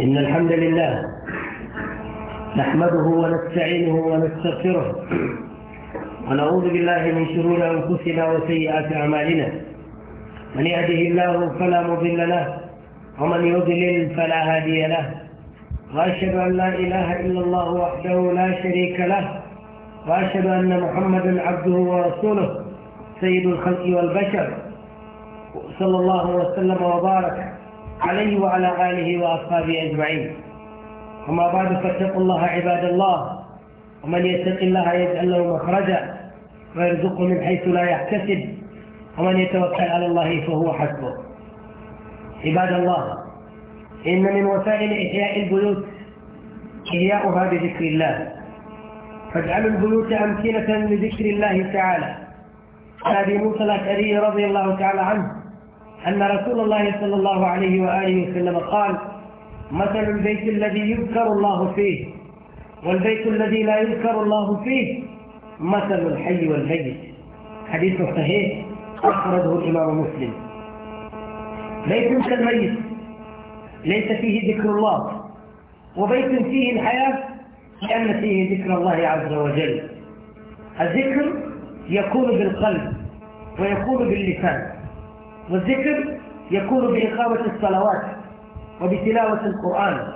إن الحمد لله نحمده ونستعينه ونستغفره ونعوذ بالله من شرور أنفسنا وسيئات أعمالنا من يهده الله فلا مضل له ومن يضلل فلا هادي له وأشهد أن لا إله إلا الله وحده لا شريك له وأشهد أن محمدا عبده ورسوله سيد الخلق والبشر صلى الله وسلم وبارك عليه وعلى آله وأصحابه أجمعين وما بعد فاتقوا الله عباد الله ومن يتق الله يجعل له مخرجا ويرزقه من حيث لا يحتسب ومن يتوكل على الله فهو حسبه عباد الله إن من وسائل إحياء البيوت إحياؤها بذكر الله فاجعلوا البيوت أمثلة لذكر الله تعالى أبي موسى الأشعري رضي الله تعالى عنه أن رسول الله صلى الله عليه وآله وسلم قال مثل البيت الذي يذكر الله فيه والبيت الذي لا يذكر الله فيه مثل الحي والميت حديث صحيح أخرجه الإمام مسلم بيت كالميت ليس فيه ذكر الله وبيت فيه الحياة لأن فيه ذكر الله عز وجل الذكر يكون بالقلب ويكون باللسان والذكر يكون بإقامة الصلوات وبتلاوة القرآن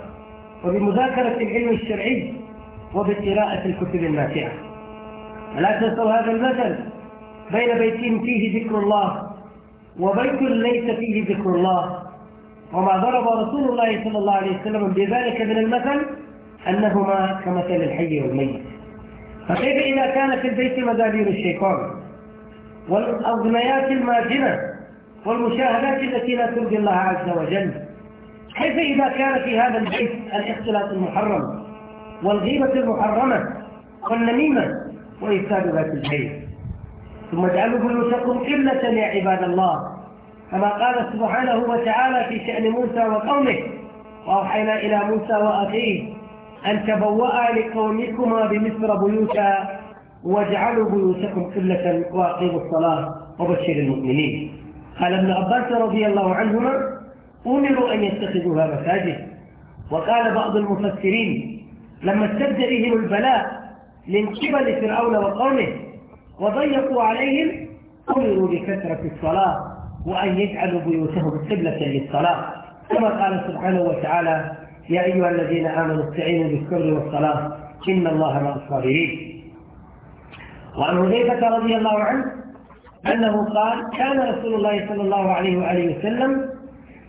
وبمذاكرة العلم الشرعي وبقراءة الكتب النافعة فلا تنسوا هذا المثل بين بيت فيه ذكر الله وبيت ليس فيه ذكر الله وما ضرب رسول الله صلى الله عليه وسلم بذلك من المثل أنهما كمثل الحي والميت فكيف إذا كان في البيت مدابير الشيطان والأغنيات الماجنة والمشاهدات التي لا ترضي الله عز وجل حيث إذا كان في هذا البيت الاختلاط المحرم والغيبة المحرمة والنميمة وإفساد ذات البيت ثم اجعلوا بيوتكم قلة يا عباد الله كما قال سبحانه وتعالى في شأن موسى وقومه وأوحينا إلى موسى وأخيه أن تبوأ لقومكما بمصر بيوتا واجعلوا بيوتكم قلة وأقيموا الصلاة وبشر المؤمنين قال ابن عباس رضي الله عنهما أمروا أن يتخذوها مساجد وقال بعض المفسرين لما اشتد بهم البلاء من قبل فرعون وقومه وضيقوا عليهم أمروا بكثرة الصلاة وأن يجعلوا بيوتهم قبلة للصلاة كما قال سبحانه وتعالى يا أيها الذين آمنوا استعينوا بالصبر والصلاة إن الله مع الصابرين وعن حذيفة رضي الله عنه أنه قال كان رسول الله صلى الله عليه وآله وسلم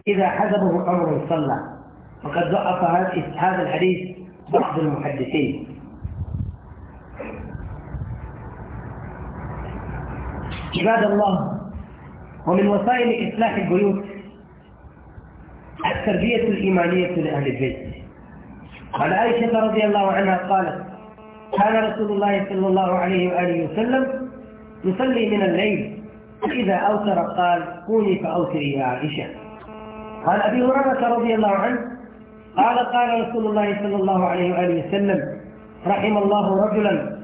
إذا حزبه أمر صلى وقد ضعف هذا الحديث بعض المحدثين عباد الله ومن وسائل إصلاح البيوت التربية الإيمانية لأهل البيت عن عائشة رضي الله عنها قالت كان رسول الله صلى الله عليه وآله وسلم يصلي من الليل فإذا أوتر قال كوني فأوتري يا عائشة قال أبي هريرة رضي الله عنه قال قال رسول الله صلى الله عليه وآله وسلم رحم الله رجلا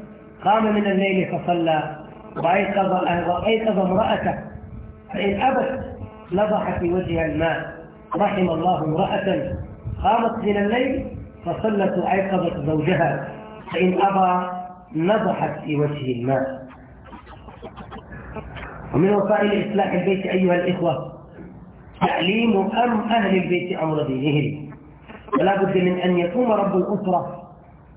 قام من الليل فصلى وأيقظ وأيقظ امرأته فإن أبت لضح في وجهها الماء رحم الله امرأة قامت من الليل فصلت وأيقظت زوجها فإن أبى نضحت في وجه الماء ومن وسائل إصلاح البيت أيها الإخوة تعليم أم أهل البيت أمر دينهم ولا بد من أن يقوم رب الأسرة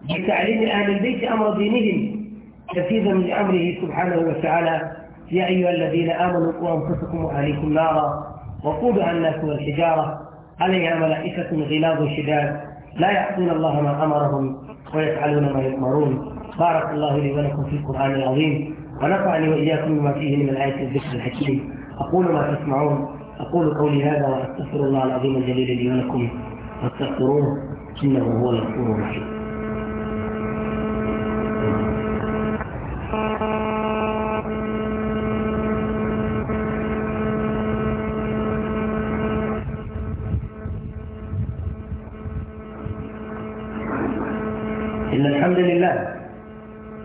بتعليم أهل البيت أمر دينهم تنفيذا لأمره سبحانه وتعالى يا أيها الذين آمنوا قوا أنفسكم وأهليكم نارا وقودها الناس والحجارة عليها ملائكة غلاظ شداد لا يعصون الله ما أمرهم ويفعلون ما يؤمرون بارك الله لي ولكم في القرآن العظيم ونفعني وإياكم بما فيه من الآية الذكر الحكيم أقول ما تسمعون أقول قولي هذا وأستغفر الله العظيم الجليل لي ولكم فاستغفروه إنه هو الغفور الرحيم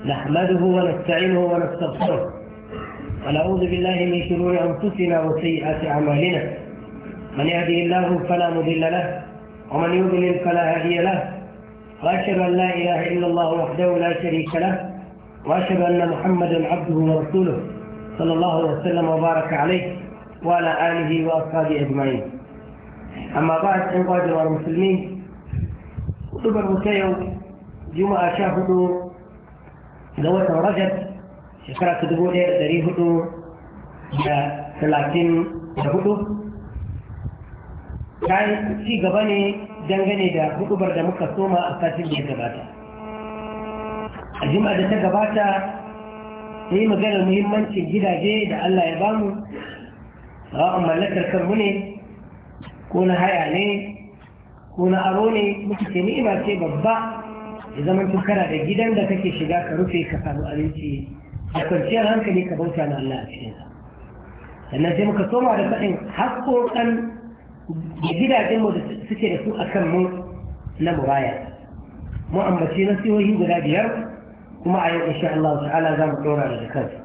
نحمده ونستعينه ونستغفره ونعوذ بالله من شرور أنفسنا وسيئات أعمالنا من يهده الله فلا مضل له ومن يضلل فلا هادي له وأشهد أن لا إله إلا الله وحده لا شريك له وأشهد أن محمدا عبده ورسوله صلى الله وسلم وبارك عليه وعلى آله وأصحابه أجمعين أما بعد عباد المسلمين خطبة يوم جمعة شاهدوا ga watan rajab shekara ta dubu ɗaya da ɗari hudu da talatin da hudu ta yi ci gaba ne dangane da hudubar da muka soma a satin da ya gabata a jima'a da ta gabata ta yi maganar muhimmancin gidaje da allah ya bamu sawa'an mallakar kanmu ne ko na haya ne ko na aro ne muka ce ni'ima ce babba ya zama kana da gidan da kake shiga ka rufe ka samu abinci da kwanciyar hankali ka bauta na Allah a sa sannan sai muka soma da faɗin haƙoƙan gidajen mu da suke da su a kan mu na muraya mu ambaci nasihohi guda biyar kuma a yau insha Allah ta'ala za mu ɗora da kansu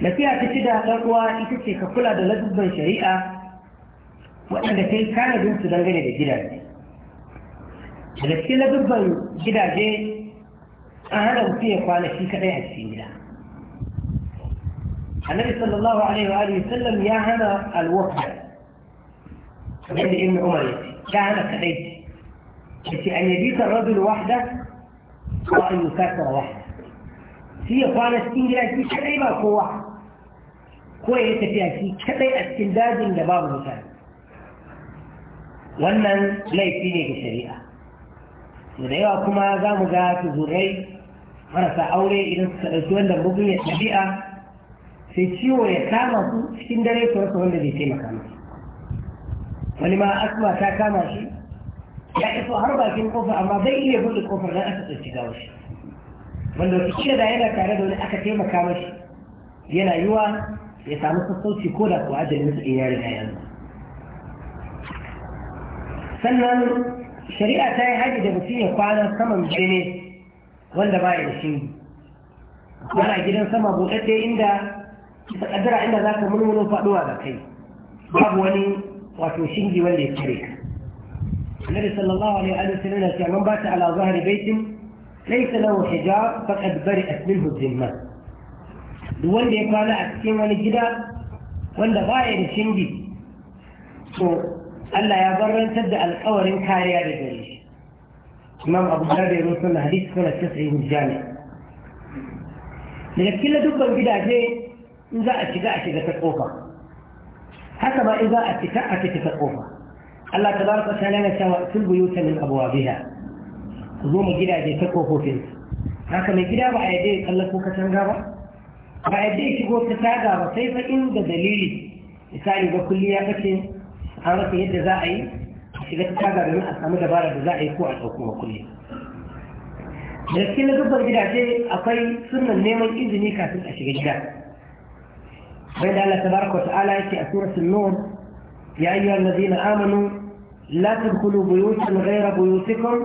nasiha ta ci da ɗan uwa ita ce ka kula da ladubban shari'a waɗanda kai tanadin su dangane da gidaje النبي صلى الله عليه وآله وسلم يا هنا الوفاة عند ابن عمر يا هنا كريت أن يبيت الرجل وحده وأن يكسر وحده في فان استنجلا في كريبا قوة قوية في أشي كريبا استنداد لباب المسان وأن لا يفيني بشريئة ودايوا كما زامو غا في زوري انا ساوري اذا سالتو عند بوغي الطبيعه في شيو يا كاما في شكين دري تو سو اللي دي تيما كاما ولما اسمع تا كاما شي يا اسو هربا كين كوفر اما زي اللي يقول الكوفر لا اسو تشيغاوش من لو تشي دا هنا كاري دول اكا تيما كاما شي يلا يوا يا سامو سو سو كولا كو اجل مثل ايار الهيان سنن الشريعة هي هذه دبسيه فعلا سما مجنين ولا باي دشين ولا جدنا سما أبو أتي إندا أدرى إندا ذاك من من فدوا ذاك هي أبوني وتوشينجي ولا يشريك النبي صلى الله عليه وسلم كان مبات على ظهر بيت ليس له حجاب فقد برئت منه الذمة دول دي قال أتكيم ولا جدا ولا باي دشينجي Allah ya barantar da alƙawarin kariya da gare shi imam abu da ya rusu na hadisi suna tasirin jami daga cikin dubban gidaje in za a shiga a shiga ta kofa. haka ba in za a fita a fita ta ƙofa Allah ta baraka ta lana cewa sun buyuta min abuwa biya ku zo mu gidaje ta ƙofofin haka mai gida ba a yadda ya tsallako katanga ba ba a yadda ya shigo ta taga ba sai fa inda dalili misali ga kulli ya kace حركة يد زاعي إذا كتابة بمعنى أسامدة بارد زاعي كوعة حكومة كلية لكن لدوبة جدا جي أطي سنة نيمة إذني كاتل أشي جدا بين الله تبارك وتعالى في أسورة النور يا أيها الذين آمنوا لا تدخلوا بيوتا غير بيوتكم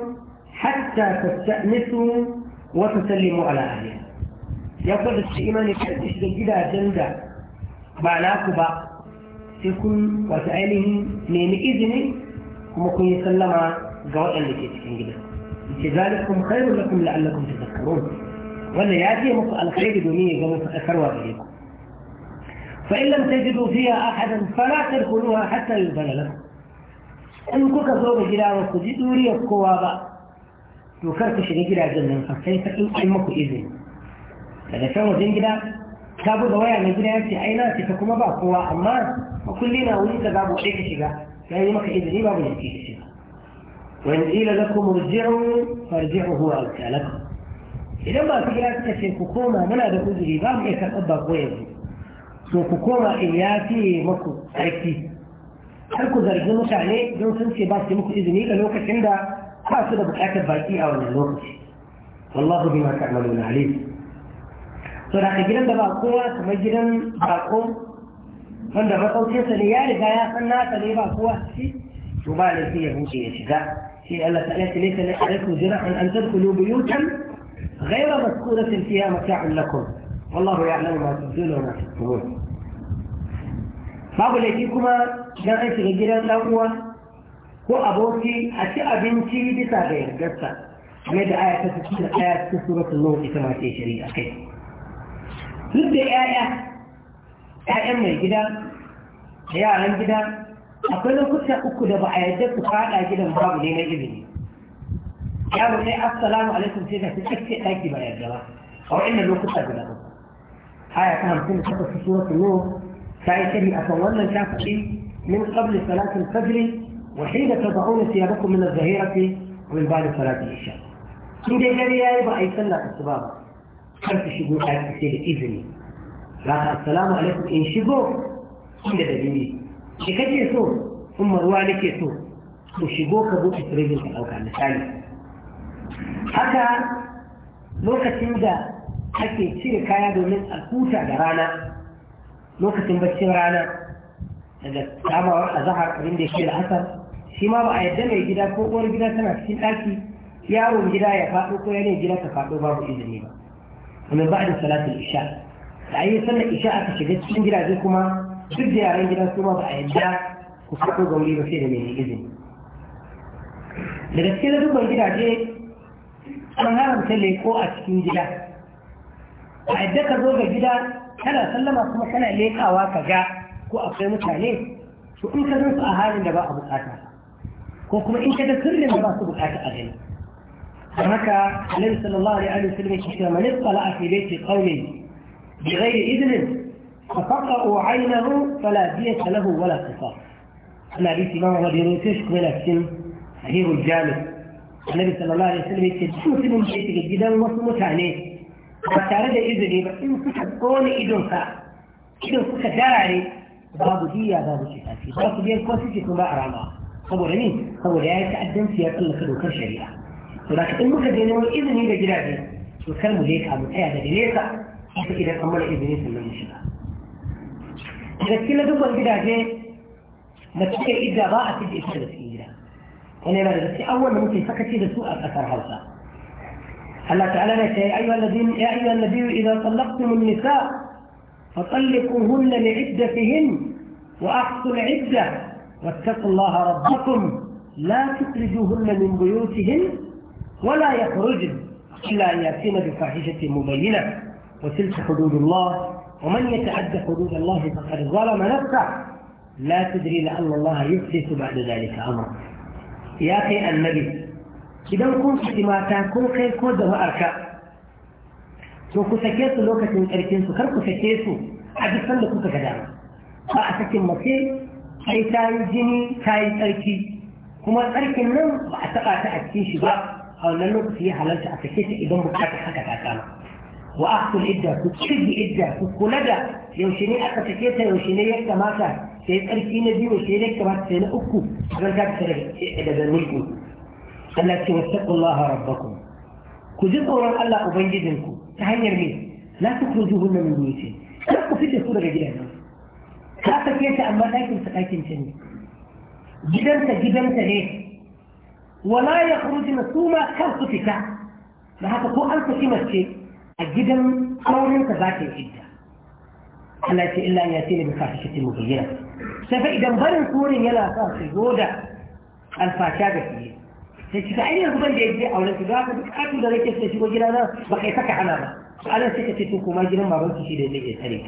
حتى تستأنسوا وتسلموا على أهلها يقول الشيء إيماني كاتل أشي جدا جندا معناه كبار سكن وسائله من إذن ومكن يسلم جوائع التي تكن جدا ذلك خير لكم لعلكم تذكرون ولا يأتي مسألة خير دنيا جميعا أثروا إليكم فإن لم تجدوا فيها أحدا فلا تدخلوها حتى يبنى لكم إن كنت زوج جلا وسجدوا لي القوابة ذكرت شنجلا جنة فكيف إن أمك إذن هذا كان جنجلا ta buga waya mai gida ya ce ai na ce ta kuma ba kowa amma makulli na wuri da babu ɗaya ka shiga ya yi maka izini babu ya ce ka shiga wa in ila lakum murji'u farji'u huwa alka lakum idan ba su gida suka ce ku koma muna da uzuri ba mu iya karɓar ba ko yanzu to ku koma in ya fiye maku tsarki har ku zargi mutane don sun ce ba su muku izini ga lokacin da ba su da buƙatar baki a wannan lokaci wallahu bima ta'maluna alim to da gidan da ba kowa kamar gidan bako wanda matsaukinsa ne ya riga ya san nasa ne ba kowa shi to ba laifi ya huce ya shiga shi Allah ta ce laysa la alaikum jira'an an tadkhulu buyutan ghayra maskunatin fiha mata'un lakum wallahu ya'lamu ma tubduna wa ma tuktumun babu laifi kuma idan an shiga gidan dan uwa ko aboki a ci abinci bisa ga yardarsa game da aya ta 61 cikin suratul nur ita ma ce shari'a kai duk da ‘ya'ya ‘ya'yan mai gida da yaran gida akwai lokuta uku da ba a yadda su faɗa gidan babu ne na izini yaro ne assalamu alaikum sai ka fi tsakce ɗaki ba yadda ba a wa'annan lokuta guda uku aya ta hamsin da takwas suratul nur ta yi shari akan wannan shafi min qabli salatin fajr wa hina tad'una thiyabakum min adh-dhahirati min ba'di salati isha in dai gari yayi ba a yi sallah asuba ba kar ki shigo ɗaki sai da izini za ka assalamu alaikum in shigo inda da dalili shi kake so in ruwa nake so to shigo ka buɗe firijin ka ɗauka misali haka lokacin da ake cire kaya domin a huta da rana lokacin baccin rana daga samawar a zahar abin da yake da asar shi ma ba a yadda mai gida ko uwar gida tana cikin ɗaki yaron gida ya faɗo ko yanayin gida ta faɗo babu izini ba kuma ba da isha da ayi sallar isha aka shiga cikin gidaje kuma duk da yaran gidan su ba a yadda ku fito ga wuri ba sai da mai izini daga cikin dubban gidaje an haramta leko a cikin gida a yadda ka zo ga gida kana sallama kuma kana lekawa ka ga ko akwai mutane to in ka zo a halin da ba a bukata ko kuma in ka ga sirrin da ba su bukata a gani ركع النبي صلى الله عليه وسلم يقول من اطلع في بيت قوم بغير إذن فقطعوا عينه فلا دية له ولا قصاص. أنا بيت إمام الله بيروتش كويلة سن هير الجامد النبي صلى الله عليه وسلم يقول شوف في المشيط جدا وصمو تاني حتى رجع إذني بإن فتح قول إذن فا إذن فتح داري باب دية باب شفافي باب دية كوسيكي كما أرى الله صبر مين؟ صبر يا يتعدم فيها كل خلوك الشريعة ولكن إن مكا دينا والإذن إلى جلابي وكان مليكا من أيها دليكا حتى إذا كمل إذنين سنة نشبه إذا كلا دبا جلابي ما تكي إذا ضاعت الإسرة في إجراء أنا ما درست أول ممكن إذا سوء أثر هذا الله تعالى يا أيها الذين يا أيها النبي إذا طلقتم النساء فطلقوهن لعدتهن وأحصوا العدة واتقوا الله ربكم لا تخرجوهن من بيوتهن ولا يخرج إلا أن يأتين بفاحشة مبينة وتلك حدود الله ومن يتعد حدود الله فقد ظلم نفسه لا تدري لأن الله يحدث بعد ذلك أمر يا أخي النبي إذا كنت كما تكون خير كود وأركا لو كنت لو كنت أركين سكر كنت سكيتو عبد الله كنت كدام فأسك المصير أي تاي جني تاي أركي كما أركي النوم أتقى تأكين شباب او نلو في حالات افكتي ايدون بكاتي حكا تاتانا واخذ ادى كتشد ادى كتكولا دا يوشيني اتفكيتا يوشيني يكتا ماتا سيد الكينا دي وشيني يكتا ماتا سينا اكو اغل كاتا سيد ادى دنيكو قال لك واتقوا الله ربكم كذب ورا الله وبنجدنكو تهني رمي لا تخرجوهن من بيوتهن تلقوا في تسورة جديدة لا تكيسة أما لا يكون سقايتين سنين جدا تجدا تجدا ولا يخرج مسومة كالخطكة لا هذا هو في مسكين أجد أمر من تباكي جدا ألا يأتي إلا أن يأتيني بفاحشة مبينة سوف إذا بل نكون يلا فاحش الجودة الفاشاة فيه سيكون أي يجب أن يجب أو لن تجاهك أكو دريك يسلسي وجلانا بقي فكح نابا فألا سيكتتوكو ما جنم مرون تشيد إليه سريك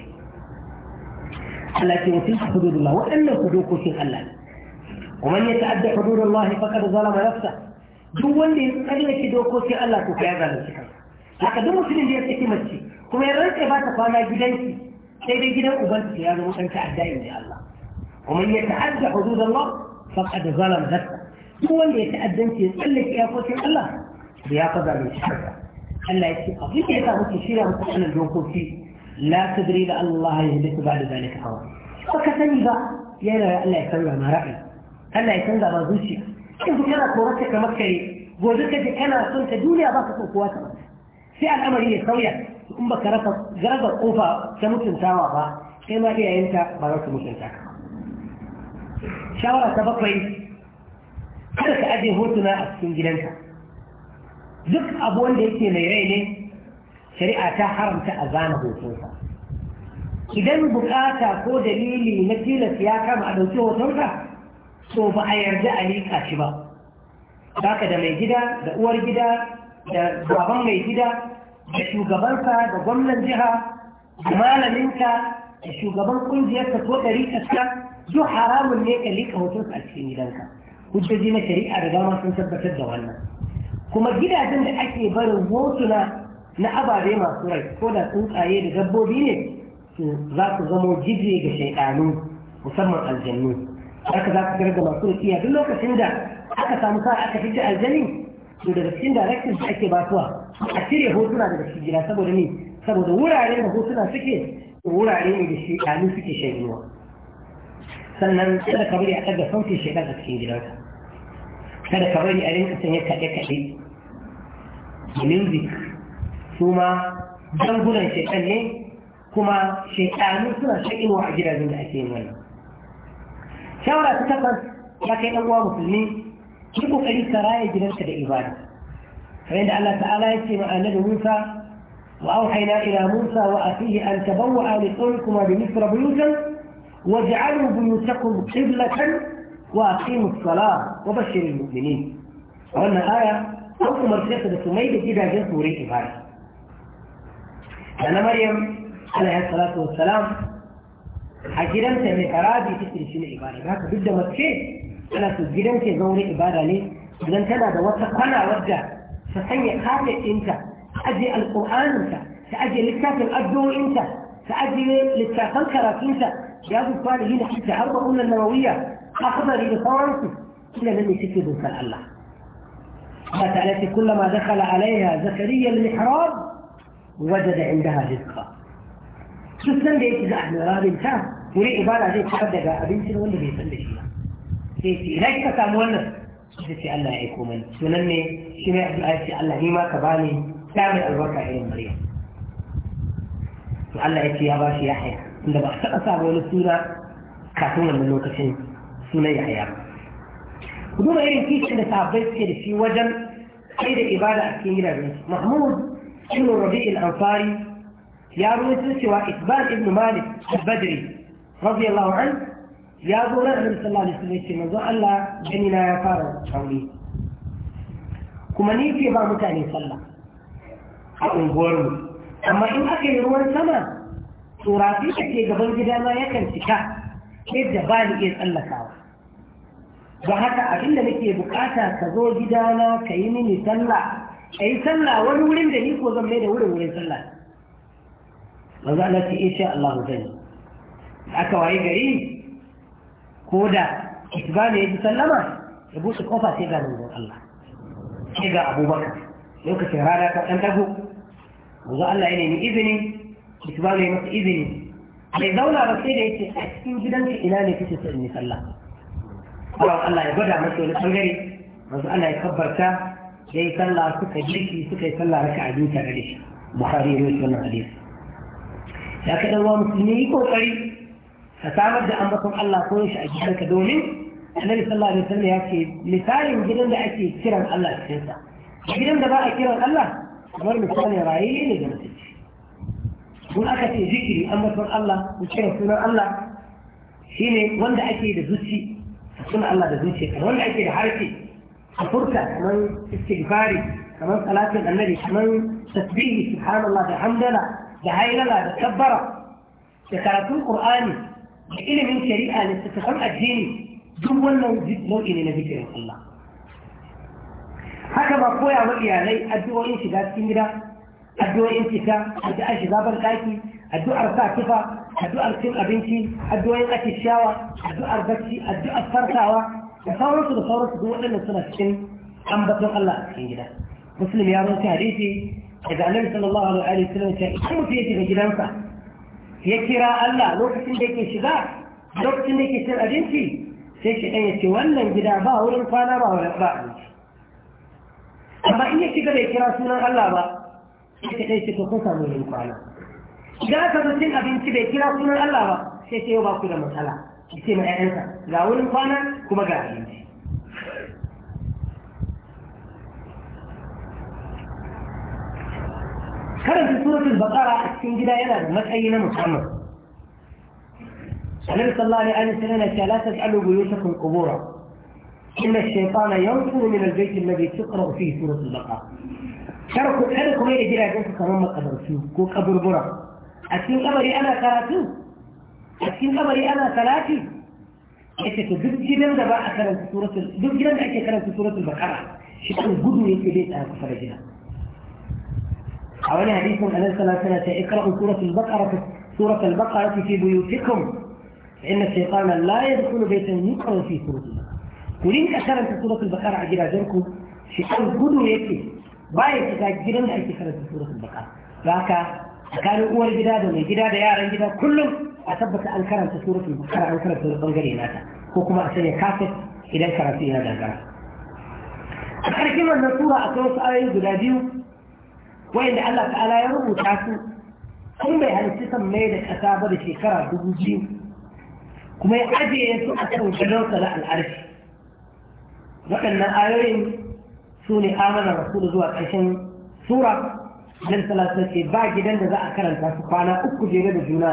ألا تنسيح حدود الله وإلا حدوكو سيخ الله ومن يتعدى حدود الله فقد ظلم نفسه دول اللي اجل كدوكو سي الله كو كي اغانا سي لكن دو مسلم دي اتكي مسي كما يرانك يباتا فانا جدنسي سيدا جدا وبنت يا دو أنت عدائي من الله ومن يتعدى حدود الله فقد ظلم نفسه دول اللي يتعدى انتي اجل كدوكو سي الله بيا قضى من شكرا الله يتكي قضيك يتا مسيشيرا مسيشيرا مسيشيرا مسيشيرا لا تدري لأن الله يهدك بعد ذلك هو فكتنبا يا الله يا الله ما رأي Allah ya canza ba zuciya in ku kana korarta kamar kare gobe ka ji kana son ta duniya ba ka so kowa ta sai al'amari ya sauya in baka ka rasa garagar kofa ta mutuntawa ba sai ma iyayenta ba za su mutunta ka shawara ta bakwai kada ka ajiye hotuna a cikin gidanka duk abu wanda yake mai rai ne shari'a ta haramta a zana idan bukata ko dalili na tilas ya kama a ɗauki hotonka so ba a yarda a liƙa shi ba haka da mai gida da uwar gida da baban mai gida da shugabanka da gwamnan jiha da malaminta, da shugaban ƙungiyarta ko ɗari kaska duk haramun ne ka liƙa hotonsa a cikin gidanka hujjoji na shari'a da dama sun tabbatar da wannan kuma gidajen da ake barin hotuna na ababe masu rai ko da tsuntsaye da dabbobi ne za su zamo jijiye ga shaiɗanu musamman aljannu haka za ka garga masu rukiya duk lokacin da aka samu sa aka fice aljani? to daga cikin directions da ake basuwa a cire hotuna daga cikin gida saboda ni saboda wuraren da hotuna suke wurare ne da shekaru suke shaiduwa sannan kada ka bari a ɗaga sautin shekar a cikin gidanka kada ka bari a rinka sanya kaɗe-kaɗe music su ma dangunan shekar ne kuma shekaru suna shaƙinwa a gidajen da ake yin wannan shawara ta takwas ya kai ɗan uwa musulmi ki kokari ka raya gidanka da ibada kamar yadda Allah ta'ala ya ce ma annabi Musa wa auhayna ila Musa wa akhihi an tabawwa li qawmikuma bi misr buyutan waj'alu buyutakum qiblatan wa aqimu as-salah wa bashir al-mu'minin wannan aya an umarce ta da su mai da gidajen su wurin ibada da na Maryam alaihi salatu wassalam أجرم تم إرادة شنو إبارة هكا بدأ مكشي أنا تجرم تم زوري إبارة لي بلن تنا دوات قنا وجا فسيء خالي إنت أجي القرآن إنت سأجي لكتاب الأبدو إنت سأجي لكتاب الكراك إنت يا أبو فالي هنا حتى أربع أولى النووية أخضر إلى صوانك إلا لم يسكد إنسان الله قالت كلما دخل عليها زكريا المحراب وجد عندها رزقا شو السنة إذا أحمر هذا تري إبادة دي حبدا جاء أبين سنة وانا بيصلي شيئا في في إليك تسامونا سيدة في الله يكوما سننمي شماء في آية في الله نيما كباني تعمل البركة إلى المريم وعلى إيتي يا باشي يحيى عندما أحسن أصابه للسورة كاتونا من الوقتين سنة يحيى ودوما إيرين كيف كنا تعبيت كده في وجن سيدة إبادة كيرا بنت محمود سنو الربيع الأنصاري يا رويس سوى إثبات ابن مالك البدري radiyallahu an ya zo ran annabi da alaihi wasallam yace manzo Allah gani na ya fara tauri kuma ni ke ba mutane sallah a unguwar mu amma in aka yi ruwan sama turafi dake gaban gida ma yakan cika yadda ba ni iya tsallakawa Ba haka abin da nake bukata ka zo gidana ka yi mini sallah ka yi sallah wani wurin da ni ko zan mai da wurin wurin sallah manzo Allah ce insha Allah zan aka waye gari ko da isbani ya fi sallama ya buɗe kofa sai ga manzon Allah sai ga abubakar lokacin rana ta ɗan dago manzon Allah ya nemi izini isbani ya masa izini bai zauna ba sai da yake a cikin gidanka ina ne kake so in yi sallah Allah Allah ya gwada masa wani bangare manzon Allah ya kabbarta ya yi sallah suka jirki suka yi sallah raka a biyu tare da shi bukhari ya rawaito wannan hadisi ya kaɗan wa musulmi yi kokari أن أنبكم الله كونش أجهلك دوني النبي صلى الله عليه وسلم يأتي مثال جدًا لأتي كرم الله كنسا جدًا دباء كرم الله أمر مثال رأيين جمسك قل أكتي ذكري أنبكم الله وكرم سنة الله هنا وند أتي لذوسي فسنة الله لذوسي وند أتي لحركي فرصة كمان استغفاري كمان صلاة النبي كمان تسبيه سبحان الله بحمد الله بحيل الله بكبره تكاتو القرآن da ilimin shari'a ne su tafan addini duk wannan nau'i ne na zikirin Allah haka ba koya wa iyalai addu'o'in shiga cikin gida addu'o'in fita addu'ar shiga ban daki addu'ar sa tufa addu'ar cin abinci addu'o'in atishawa addu'ar bacci addu'ar farkawa da sauransu da sauransu duk waɗannan suna cikin ambaton Allah cikin gida Musulmi ya rubuta hadisi daga annabi sallallahu alaihi wa sallam ta idan mutum ya shiga gidansa ya kira Allah lokacin da yake shiga lokacin da yake cin abinci sai shi ɗan ce wannan gida ba wurin kwana ba wurin ba abinci amma in ya shiga bai kira sunan Allah ba sai shi ɗan ce to kun samu wurin kwana ga aka zo cin abinci bai kira sunan Allah ba sai ce yau ba ku da matsala ki ce ma 'ya'yansa ga wurin kwana kuma ga abinci كان في سورة البقرة يا ينال ما تأينا محمد النبي صلى الله عليه وسلم قال لا تسألوا بيوتكم قبورا إن الشيطان ينفر من البيت الذي تقرأ فيه سورة البقرة شاركوا الحلق وين يجي لها جنسك مما قبرتوه كو قبر برا أسين قبري أنا ثلاثو أسين قبري أنا ثلاثي أشتك دب جنان دبا أكرا في سورة دب جنان أشتك أكرا في سورة البقرة شكرا قدوا يكي بيت أنا كفر حوالي حديث أنس ثلاثة اقرأوا سورة البقرة سورة البقرة في بيوتكم فإن الشيطان لا يدخل بيتا يقرأ في سورة البقرة ولين أنت سورة البقرة على جراجنكم شيطان قدو يكي باية تتاجرن أي تكرة سورة البقرة فهكا كانوا أول جداد ومن جداد يارا جداد كلهم أثبت أن أنت سورة البقرة أن كرمت البنجري ناتا وكما أسنى كافر إلى كرمت هذا الجرس أخرجنا من السورة أكرمت آية جداديو wayanda Allah ta'ala ya rubuta su sun bai halitta san mai da ƙasa ba da shekara dubu biyu kuma ya ajiye su a kan gadonsa na al'arfi waɗannan ayoyin su ne amana rasulu zuwa ƙarshen sura dan salatu ce ba gidan da za a karanta su kwana uku jere da juna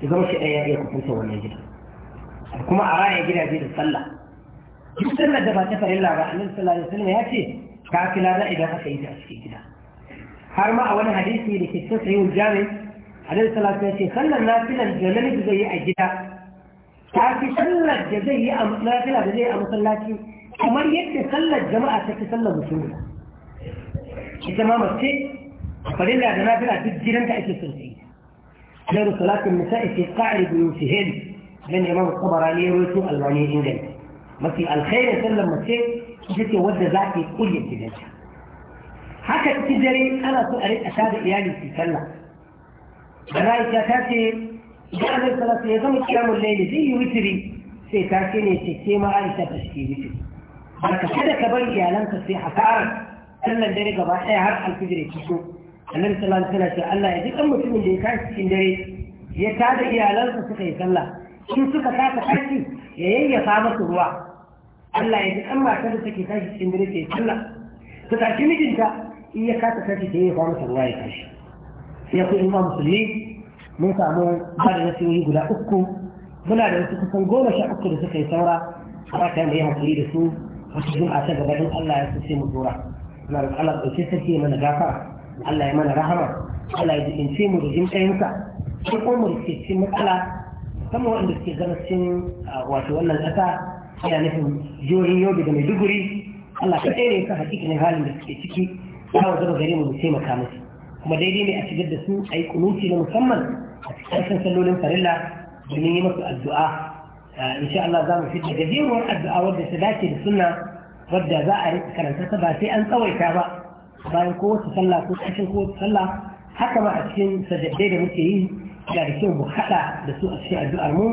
da zama shi ɗaya ya kusanta wannan gidan kuma a raya gidaje da sallah duk sallar da ba ta farilla ba annabi sallallahu alaihi wasallam ya ce kafila na idan aka yi ta a cikin gida har ma a wani hadisi da ke cikin sahihul jami alaihi salatu ya ce sallar nafilan da namiji zai yi a gida ta fi sallar da zai yi a nafila da zai yi a masallaci kamar yadda sallar jama'a ta fi sallar musulmi ita ma mace farilla da nafila duk gidanta ake son sai غير صلاة النساء في قعر بيوتهن لأن إمام الطبراني رويته ألباني إنجلي ما في الخير يسلم مسيح تجي ودى ذاتي كل ابتدائها haka cikin dare ana so a rika tada iyali su sallah malaika ta ce idan annabi sallallahu ya zama kiyamun laili zai yi witiri sai ta ce ne ce ke ma aisha ta shi witiri barka kada ka bari iyalanka sai hasara sallan dare gaba ɗaya har alfijir ya fito annabi sallallahu alaihi wasallam ce Allah ya ji dan mutumin da ya tashi cikin dare ya tada iyalansa suka yi sallah in suka kasa tashi ya yayyafa masu ruwa Allah ya ji dan matar da take tashi cikin dare ta yi sallah ta tashi mijinta in ya kasa tashi sai ya kawo masa ruwa ya tashi sai ku musulmi mun samu ba da nasiyoyi guda uku muna da wasu kusan goma sha uku da suka yi saura a ba ta yi da su wata jum'a ta gaba don Allah ya sace mu dora na da Allah ɗauke sarki ya mana gafara Allah ya mana rahama Allah ya jikince mu da jin ƙayinsa sai kuma mu rike cikin matsala musamman waɗanda suke zama cikin wato wannan ƙasa yana nufin jihohin yau da maiduguri Allah ka tsere ka hakikanin halin da suke ciki bawan zuba gare mu mu taimaka musu kuma daidai ne a shigar da su a yi kunuti na musamman a cikin sallolin farilla domin yi masu addu'a insha Allah za mu fitar gajeruwar addu'a wadda ta dace da sunna wadda za a rika karanta ta ba sai an tsawaita ba bayan kowace sallah ko cikin kowace sallah haka ma a cikin sajadai da muke yi da da kyau mu haɗa da su a cikin addu'ar mu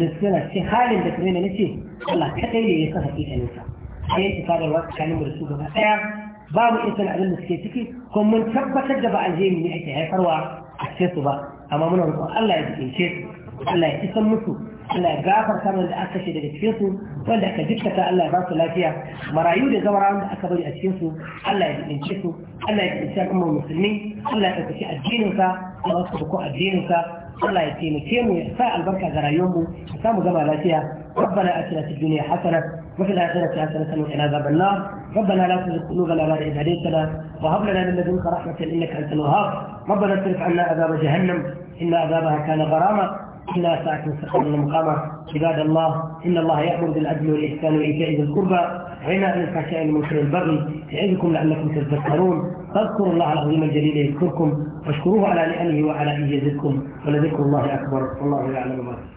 da su yana cikin halin da kamar na ce Allah kaɗai ne ya san hakikaninsa sai ya tafa da wasu kanin da su gaba ɗaya ba mu iya abin da suke ciki ko mun tabbatar da ba alheri ne ake haifarwa a cikin su ba amma muna roƙon Allah ya jikince su Allah ya isan musu Allah ya gafarta mana da aka daga cikin su wanda aka jikkata Allah ya ba su lafiya marayu da zawarawan da aka bari a cikin su Allah ya jikince su Allah ya jikince al'ummar musulmi Allah ya ɗauki addinin sa Allah ya ɗauki addinin sa الله يتيم taimake mu البركة sa يومه حسام rayuwarmu ya ربنا اتنا في الدنيا حسنه وفي الاخره حسنه وقنا عذاب النار ربنا لا تزغ قلوبنا بعد اذ هديتنا وهب لنا من لدنك رحمه انك انت الوهاب ربنا اصرف عنا عذاب جهنم ان عذابها كان غراما إلا ساعة سخر المقامة عباد الله إن الله يأمر بالعدل والإحسان وإيتاء ذي القربى عناء الفحشاء المنكر والبغي يعظكم لعلكم تذكرون فاذكروا الله العظيم الجليل يذكركم واشكروه على نعمه وعلى إيه يزدكم ولذكر الله أكبر والله يعلم ما تفعلون